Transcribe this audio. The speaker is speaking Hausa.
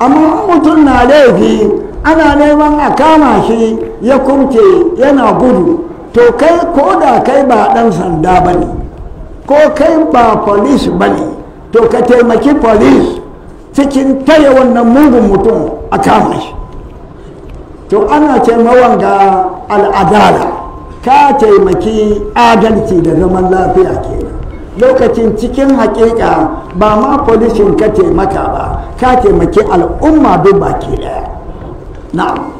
amma mutum na laifi ana neman a kama shi ya kumce yana gudu to kai ko da kai ba ɗan sanda ba ne ko kai ba polis ba ne to ka taimaki polis cikin taya wannan mugun mutum a kama shi to ana taimawan ga al'adala ka taimaki adalci da zaman lafiya ke. lokacin cikin hakika ba ma polisin ka taimaka ba ka taimaki al'umma duk baki daya na'am